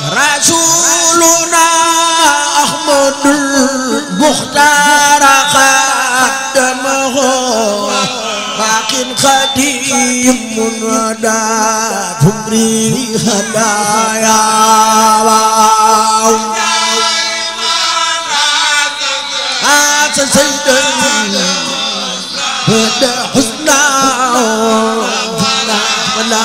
رسولنا أحمد المختار خدمه باق قديم ودا فمري هدايا سيدا بدا حسنا فلا فلا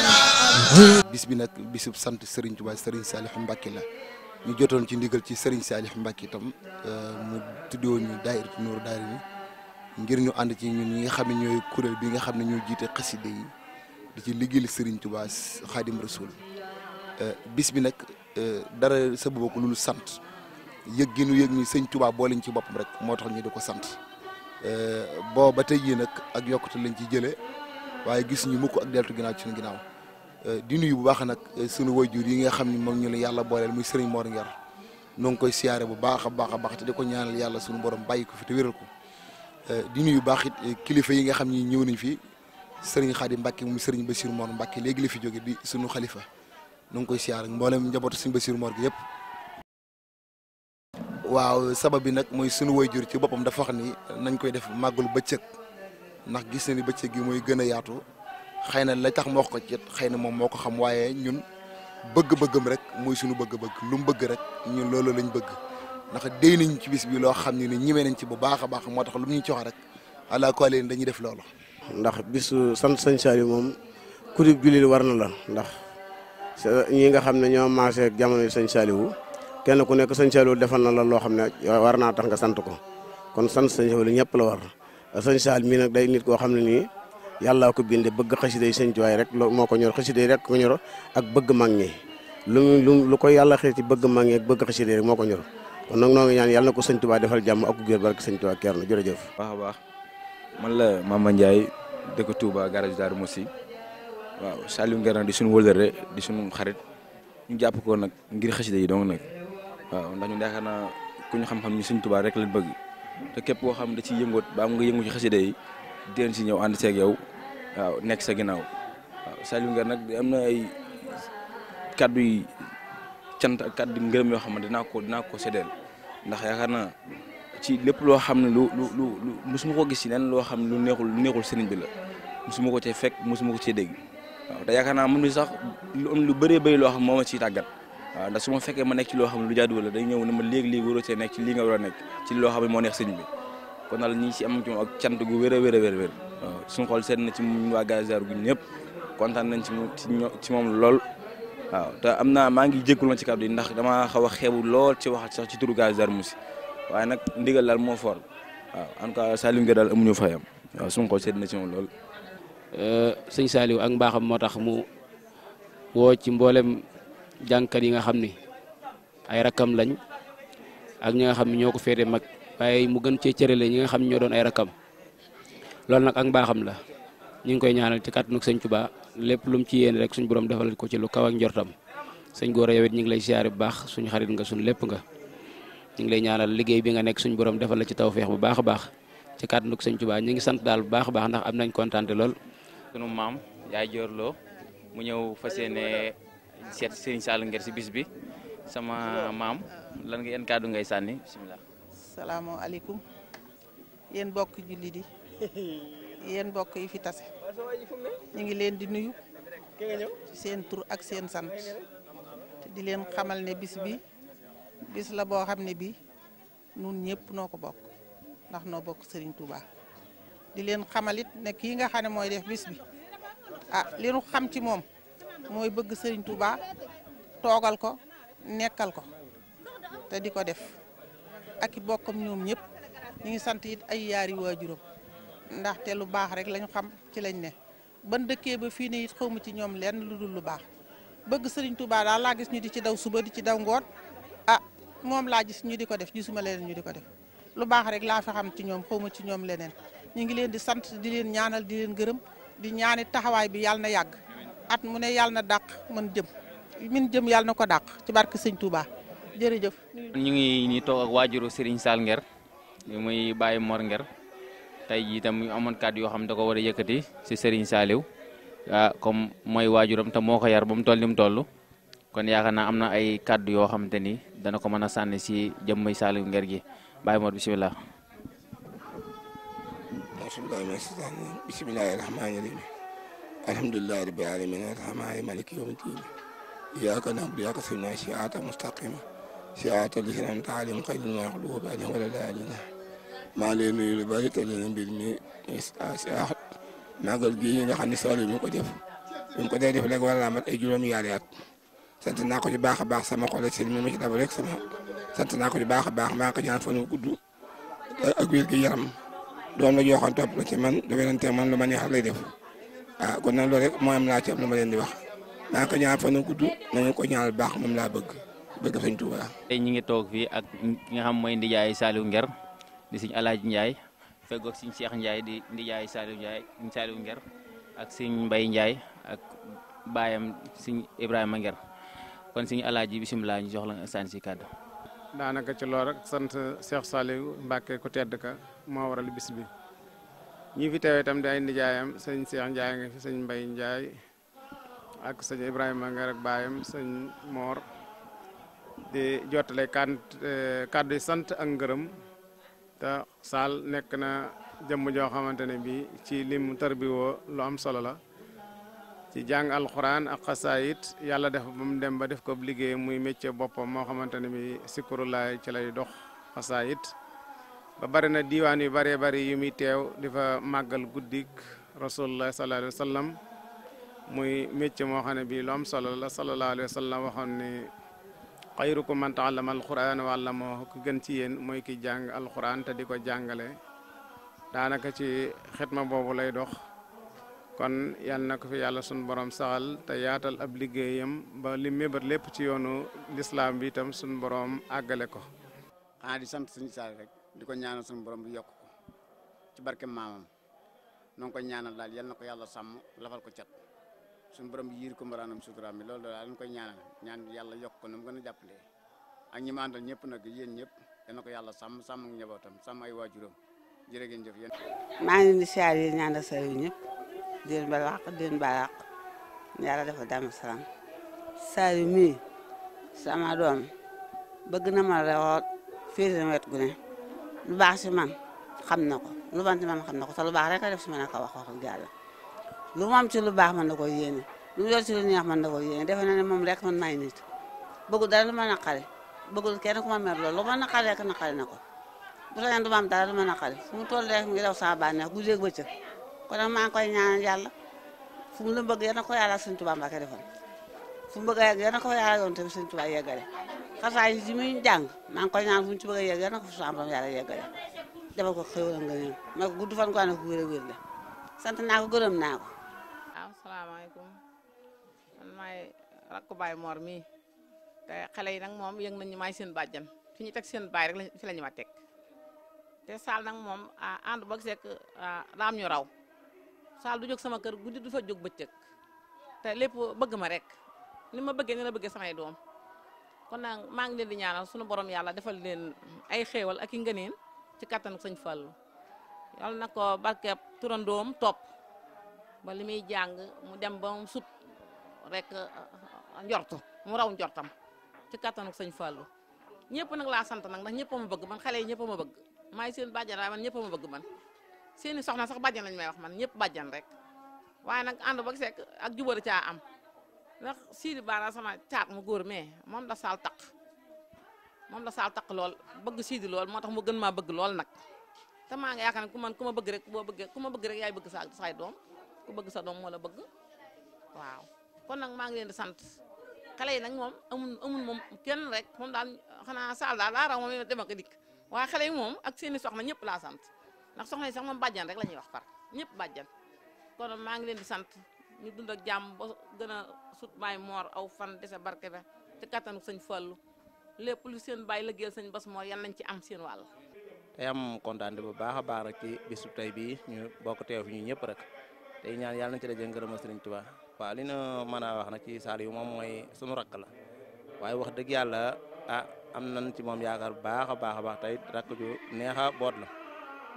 bis bi nag bisub sant Serigne Touba Serigne Saliou Mbacké la ñu jotoon ci ndigal ci Serigne Saliou Mbacké itam euh, mu tuddoo ñu daayiratu Nuuru Daarayni ngir ñu ànd ci ñun ñi nga xam ne ñooy kuréel bi nga xam ne ñoo jiite xaside yi di ci liggéeyal Serigne Touba Xaadim Rasul euh, bis bi nag euh, dara sa bopp sant yëg gi ni sëñ Touba boo lañ ci boppam rek moo tax ñu di ko sant boo ba tey jii nag ak yokkute lañ ci jëlee waaye gis ñu mukk ak deltu ginnaaw ci suñu ginnaaw. Euh, di nuyu bu baax nag euh, sunu jur yi nga xam ni moom ñu la yàlla booleel muy Serigne Mor Ngar noo koy siyaare bu baax a baax a baax te di ko ñaanal yàlla sunu borom bàyyi ko fi te wéral ko euh, di nuyu baax it kilifa yi nga xam ni ñëw nañ fi Serigne Khadim Mbacke moom Serigne Bassirou Mor léegi la fi jóge di sunu xalifa noo ngi koy siyaare mboolem njabootu Serigne Bassirou Mor gi yëpp. waaw sabab bi nag mooy sunu way jur ci boppam dafa wax ni nañ koy def ba bëccëg ndax gis na ni bëccëg gi mooy gën a yaatu. xëy na la tax mu wax ko xëy na moom moo ko xam waaye ñun bëgg-bëggam rek muy suñu bëgg-bëgg lu mu bëgg rek ñun loolu lañ bëgg ndax déy nañ ci bis bi loo xam ne ni ñimee nañ ci bu baax a baax moo tax lu mu ñu jox rek àla ko leen dañuy def loolu ndax bisu sant sëñ Saliou moom ku di jullit war na la ndax ñi nga xam ne ñoo maasee ak jamono sëñ Saliou kenn ku nekk sëñ Saliou defal na la loo xam ne war naa tax nga sant ko kon sant sëñ Saliou ñëpp la war sëñ Saliou mii nag day nit koo xam ne nii yàllaa ko binde bëgg xasida yi sëñ Tuubaa rek moo ko ñor xasida yi rek ko ñoro ak bëgg mag lu lu lu ko yàlla xëy ci bëgg mag ñi ak bëgg xasida yi moo ko ñor kon nag noo ngi ñaan yàlla na ko sëñ Tuubaa defal jàmm ak gër barke sëñ Tuubaa keer na jërëjëf baax a baax man la Mama Ndiaye dëkk Touba garage Darou Moussi waaw Saliou Nguerane di suñu wëlëre di suñu xarit ñu jàpp ko nag ngir xasida yi donc nag waaw ndax ñu yaakaar naa ku ñu xam-xam ñu sëñ Tuubaa rek lañ bëgg te képp koo xam da ci yëngoot ba nga yëngu ci xasida si ñëw ànd seeg yow waaw nekk sa ginnaaw waaw Saliou Nguer nag am na ay kaddu yi cant ak kaddu ngërëm yoo xam ne dinaa ko dinaa ko séddeel ndax yaakaar naa ci lépp loo xam ne lu lu lu lu mosuma ko gis ci lenn loo xam ne lu neexul lu neexul bi la mosuma ko cee fekk mosuma ko cee dégg waaw te yaakaar naa sax lu am lu bëree loo xam moo ma ciy tàggat waaw ndax su ma fekkee ma nekk ci loo xam ne lu jaaduwul la day ñëw ne ma léegi-léegi waroo cee nekk ci li nga war a nekk ci loo xam ne moo neex sëriñ bi kon nag ñi si am ci ak cant gu wér a wér a wér waaw suñu xool na ci ñun waa Gazar gu ñëpp kontaan nañ ci ci moom lool waaw te am naa maa ngi jégalu ma ci kàddu yi ndax damaa xaw a xeebu lool ci waxat sax ci turu Gazar Moussi waaye nag ndigal daal moo for waaw en tout cas Saliou Gueye daal amuñu fayam waaw suñu xool seet na ci moom lool. Euh, sëñ Saliou ak mbaaxam moo tax mu woo ci mboolem jànkat yi nga xam ni ay rakam lañ ak ñi nga xam ñoo ko féete mag waaye mu gën cee cërale ñi nga xam ñoo doon ay rakkam. loolu nag ak mbaaxam la ñu ngi koy ñaanal ci kàttanug sëñ Tuubaa lépp lu mu ci yéene rek suñu borom defal ko ci lu kaw ak njortam sëñ Gora yow it ñu ngi lay siyaare bu baax suñu xarit nga suñu lépp nga ñu ngi lay ñaanal liggéey bi nga nekk suñu borom defal ci tawféex bu baax a baax ci kàttanug sëñ Tuubaa ñu ngi sant daal bu baax a baax ndax am nañ kontaante lool. sunu maam yaay joorloo mu ñëw fa yéene seet Serigne Sall Nguer si bis bi sama maam lan nga yan kàddu ngay sànni bisimilah. salaamaaleykum yéen bokk jullit yi yéen mbokk yi fi tase ñu ngi leen di nuyu ci seen tur ak seen sant te di leen xamal ne bis bi bis la boo xam ne bi nun ñëpp noo ko bokk ndax noo bokk Serigne Touba di leen xamalit ne kii nga xam ne mooy def bis bi ah li xam ci moom mooy bëgg Serigne Touba toogal ko nekkal ko te di ko def ak i bokkam ñoom ñëpp ñu ngi sant it ay yaari waajuram ndaxte lu baax rek lañu xam ci lañ ne ban dëkkee ba fii ne it xawma ci ñoom lenn lu dul lu baax bëgg sëriñ Touba daal laa gis ñu di ci daw suba di ci daw ngoon a ah, moom laa gis ñu di ko def gisuma leneen ñu di ko def lu baax rek laa fi xam ci ñoom xawma ci ñoom leneen ñu ngi leen di sant di leen ñaanal di leen gërëm di ñaani taxawaay bi yàlla na yàgg at mu ne yàlla na dàq man jëm min jëm yàlla na ko dàq ci barke sëñ Touba jërëjëf. ñu ngi nii toog ak waajuru Serigne Sall Nguer muy Baye Mor Nguer tey jii itam ñu amoon kàddu yoo xam ne da ko war a yëkkati si Serigne Saliou ah comme mooy waajuram ta moo ko yar ba mu toll ni mu toll kon yaakaar naa am na ay kàddu yoo xamante ni dana ko mën a sànni si jëmmay Saliou Nguer gi bàyyi moor bisimilah. bisimilahi rahmaani rahim alhamdulilahi rabbil alamin arrahmaani maliki yawmi din iyyaka na'budu wa iyyaka nasta'in siraatal mustaqiim siraatal lazina an'amta alayhim ghayril maghduubi alayhim wa lad-daalliin maa leen nuyu lu bari te leen mbir mi ah màggal gii nga xam ne sool yi mi ko def mi ko day def léegi war ma mat ay juróomi yaari at sant na ko ci baax a baax sama xol ak seen ma ci dab rek sama sant naa ko ci baax a baax maa ko ñaan fan wu gudd ak wér gi yaram doom la joxoon topp la ci man du wenante man lu ma neex lay def ah kon nag loolu rek naa ci am lu ma leen di wax maa ngi ko ñaan fan wu gudd nañu ko baax moom laa bëgg bëgg Sëñ Tuubaa. tey ñi ngi toog fii ak ki nga xam mooy Ndiaye Saliou Nguer. di sëñ Alaaji Ndiaye feggoog sëñ Cheikh Ndiaye di ndijaay Saliou Ndiaye Saliou Nger ak sëñ mbay Ndiaye ak baayam sëñ Ibrahima Nger kon sëñ Alaaji bisimilah ñu jox la saan daanaka ci loolu rek sant Cheikh Saliou Mbacke ku tedd ka moo ñi fi teewee itam di ay ndijaayam sëñ Cheikh ak sëñ Ibrahima Nger baayam sëñ di eh, sant ak ngërëm. te Saal nekk na jëmm joo xamante ne bii ci lim tarbiwoo lu am solo la ci jàng alxuraan ak xasaayit yàlla def ba mu dem ba def ko liggéey muy métier boppam moo xamante ne bii sikkurulaay ci lay dox xasaayit ba bari na diiwaan yu bare bëri yi muy teew di fa màggal guddik rasulullah sallallahu alayhi wa sallam muy métier moo xam ne bii lu am solo la sallallahu alayhi wa sallam waxoon ne xayrukum man taallama walla moo allamahu ku gën ci yéen mooy ki jàng alquran te di ko jàngale daanaka ci ma boobu lay dox kon yal na ko fi yàlla sun borom saxal te yaatal ab liggéeyam ba li lépp ci yoonu lislaam bi itam sun boroom àggale ko xanaa di sant suñ saal rek di ko ñaanal sun borom bi yokk ko ci barke maamam noo ko ñaanal daal yal ko yàlla sàmm lafal ko cat suñu borom yiir ko mbaraanam suturaam mi loolu daal dañ koy ñaanal ñaan yàlla yokk a jàppale ak ñi ma àndal ñëpp nag yéen ñëpp dana ko yàlla sàmm sàmm ak njabootam sàmm ay waajuram jërë ngeen jëf yéen. maa ngi leen di siyaar yi ñaanal sa yu ñëpp di ni baal àq di leen baal àq dafa dama salaam saa yu mii doom bëgg na ma lool wet gu ne lu baax si man xam na ko lu ban si xam na ko te def si man a ko wax wax ak lu mu am ci lu baax mën na ko yéene lu mu yor na ko yéene defe moom rek man maay nit bëggul dara lu ma naqari bëggul kenn ku ma mer loolu lu ma naqari rek naqari na ko bu sañoon du ma am dara lu ma naqari fu mu toll rek mu ngi daw saa bànneex bu dégg bëccëg kon nag maa ngi koy yàlla fu mu la bëgg yal na ko yàlla Sëñ Tuubaa Mbàkke defal fu mu bëgg a ko yàlla yoon tamit Sëñ Tuubaa yeggale xasaa yi ji muy jàng maa koy ñaan fu mu ci bëgg a na ko fu sambam yàlla yeggale defal ko xéwal nga ma ko gudd fan ko ànd ak wér a wér la sant naa ko gërëm naa ko mbokk baay moor mii te xale yi nag moom yëg nañu maay seen bàjjan fi ñu teg seen baay rek fi la ñu ma teg te Saal nag moom ànd boog seek raam ñu raw Saal du jóg sama kër guddi du fa jóg bëccëg te lépp bëgg ma rek ni ma bëggee ni la bëggee samay doom kon nag maa ngi leen di ñaanal sunu borom yàlla defal leen ay xéewal ak i ngëneen ci kattanu sëñ Fallu yàlla na ko barkeeb turandoom topp ba li jàng mu dem ba mu sut rek njortu mu raw njortam ci kattanu sëñ Fallou ñëpp nag laa sant nag ndax ñëpp ma bëgg man xale yi ñëpp ma bëgg maay seen bàjjan waaye man ñëpp ma bëgg man seeni soxna sax bàjjan lañ may wax man ñëpp bàjjan rek waaye nag ànd ba sekk ak jubari caa am ndax Sidi Bara sama caat mu góor mais moom la saal taq moom la saal taq lool bëgg Sidi lool moo tax mu gën maa bëgg lool nag te maa nga yaakaar ne ku man ku ma bëgg rek boo bëggee ku ma bëgg rek yaay bëgg sa say doom ku bëgg sa doom moo bëgg kon nag maa ngi leen di sant xale yi nag moom amul moom kenn rek moom daal xanaa Sall daal laa raw moom dem ak dikk waaye xale yi moom ak seen i soxna ñëpp laa sant ndax soxna yi sax moom bàjjan rek la ñuy wax par ñëpp bàjjan kon maa ngi leen di sant ñu dund ak jàmm ba gën a sut maay moor aw fan dese barke ba ci kattanu sëñ Fallu lépp lu seen bàyyi liggéeyal sëñ bas Mor yal nañ ci am seen wàll. tey am kontaan bu baax a baax rek ci bisu tey bii ñu bokk teew fi ñëpp rek tey ñaan yàlla nañ ci daje ngërëm Sëriñ Tuubaa paa li na mën a wax nag ci Saliou moom mooy sunu rakk la waaye wax dëgg yàlla a ah, am na ci moom yaakaar baax a baax a baax tey rakk ju neex a boot la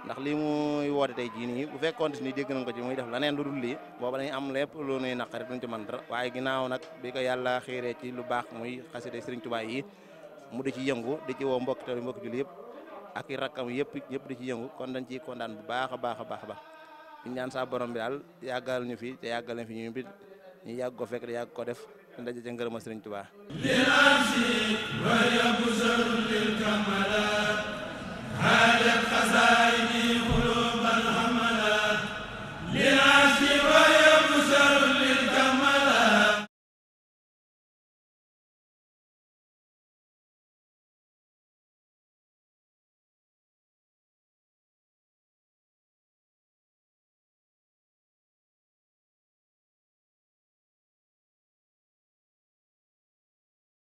ndax lii muy woote tey jii yi bu fekkoon ni dégg nañ ko ci muy def leneen lu dul lii booba dañuy am lépp lu nuy naqari duñ ci mën dara waaye ginnaaw nag bi ko yàlla xiiree ci lu baax muy xasida Sëriñ Tuubaa yi mu di ci yëngu di ci woo mbokk tali mbokk jul yëpp ak i rakkam yëpp yëpp di ci yëngu kon dañ ciy kontaan bu baax a baax a baax a baax ñaan saa bi daal yàggal ñu fi te yàggal ñu fi ñu bi ñu yàgg ko fekk di yàgg ko def ndaje ca ngërëma Sëriñ Tuubaa li